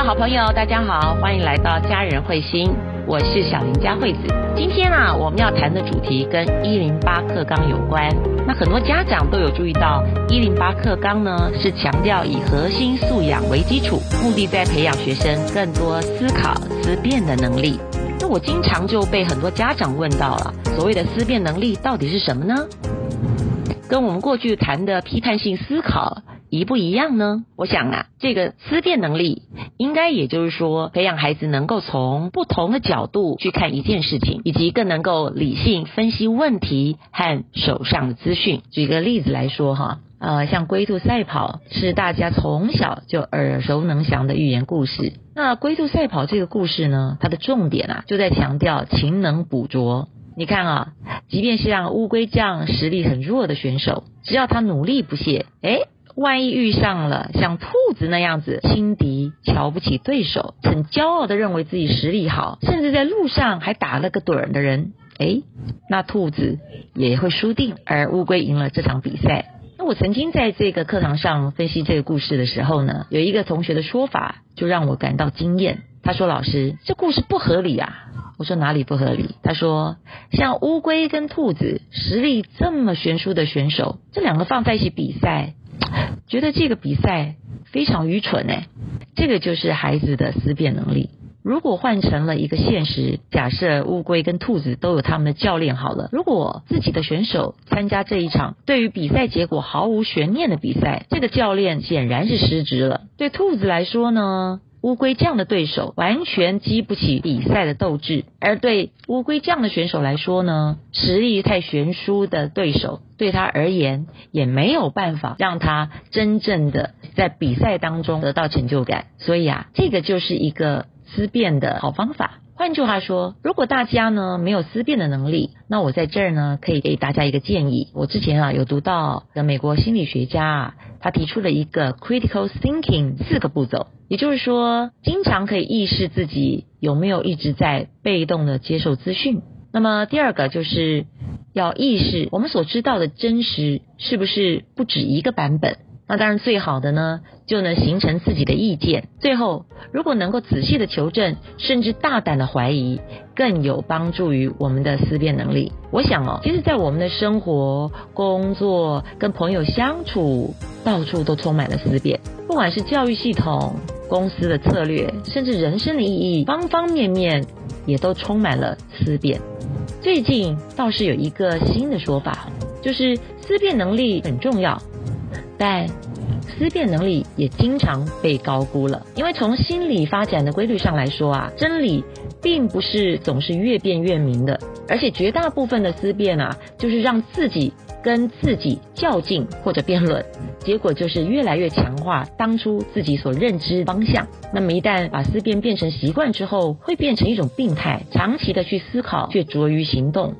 的好朋友，大家好，歡迎來到家人慧心，我是小林嘉慧子。今天啊，我們要談的主題跟一零八課綱有關。那很多家長都有注意到，一零八課綱呢是強調以核心素養為基礎，目的在培養學生更多思考、思辨的能力。那我經常就被很多家長問到了，所謂的思辨能力到底是什麼呢？跟我們過去談的批判性思考。一不一樣？呢我想啊，這個思辨能力，應該也就是說，培養孩子能夠從不同的角度去看一件事情，以及更能夠理性分析問題和手上的資訊。舉個例子來說哈，呃，像龜兔賽跑是大家從小就耳熟能詳的寓言故事。那龜兔賽跑這個故事呢，它的重點啊，就在強調勤能補拙。你看啊，即便是讓烏龜這樣實力很弱的選手，只要他努力不懈，誒。萬一遇上了像兔子那樣子輕敵、瞧不起對手、很驕傲地認為自己實力好，甚至在路上還打了個盹兒的人，誒，那兔子也會輸定，而烏龜贏了這場比賽。那我曾經在這個課堂上分析這個故事的時候呢，有一個同學的說法就讓我感到驚艷。他說：“老師，這故事不合理啊！”我說：“哪裡不合理？”他說：“像烏龜跟兔子實力這麼懸殊的選手，這兩個放在一起比賽。”覺得這個比賽非常愚蠢，誒、哎，這個就是孩子的思辨能力。如果換成了一個現實假設，烏龜跟兔子都有他們的教練好了。如果自己的選手參加這一場對於比賽結果毫無懸念的比賽，這個教練顯然是失職了。對兔子來說呢？烏龜這樣的對手完全激不起比賽的鬥志，而對烏龜這樣的選手來說呢，實力太懸殊的對手對他而言也沒有辦法讓他真正的在比賽當中得到成就感，所以啊，這個就是一個思辨的好方法。換句話說，如果大家呢沒有思辨的能力，那我在這兒呢可以給大家一個建議。我之前啊有讀到的美國心理學家啊，他提出了一個 critical thinking 四個步驟，也就是說，經常可以意識自己有沒有一直在被動的接受資訊。那麼第二個就是要意識我們所知道的真實是不是不止一個版本。那當然最好的呢，就能形成自己的意見。最後，如果能夠仔細地求證，甚至大膽地懷疑，更有幫助於我們的思辨能力。我想哦，其實，在我們的生活、工作、跟朋友相處，到處都充滿了思辨。不管是教育系統、公司的策略，甚至人生的意義，方方面面也都充滿了思辨。最近倒是有一個新的說法，就是思辨能力很重要，但，思辨能力也經常被高估了，因為從心理發展的規律上來說啊，真理並不是總是越辯越明的，而且絕大部分的思辨啊，就是讓自己跟自己較勁或者辯論，結果就是越來越強化當初自己所認知的方向。那麼一旦把思辨變成習慣之後，會變成一種病態，長期的去思考卻拙於行動，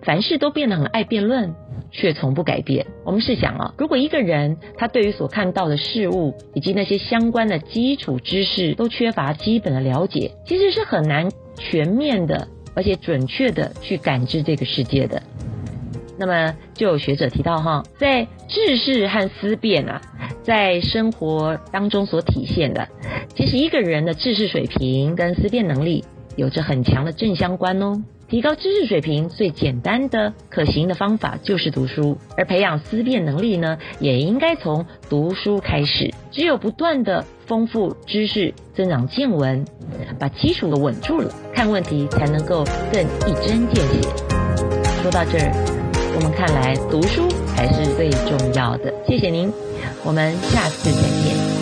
凡事都變得很愛辯論。卻從不改變。我們試想啊，如果一個人他對於所看到的事物以及那些相關的基礎知識都缺乏基本的了解，其實是很難全面的而且準確的去感知這個世界的。那麼，就有學者提到哈，在知識和思辨啊，在生活當中所體現的，其實一個人的知識水平跟思辨能力有着很強的正相關哦。提高知識水平最簡單的可行的方法就是讀書，而培養思辨能力呢，也應該從讀書開始。只有不斷地豐富知識、增長見聞，把基礎穩住了，看問題才能夠更一針見血。說到這兒，我們看來讀書才是最重要的。謝謝您，我們下次再見。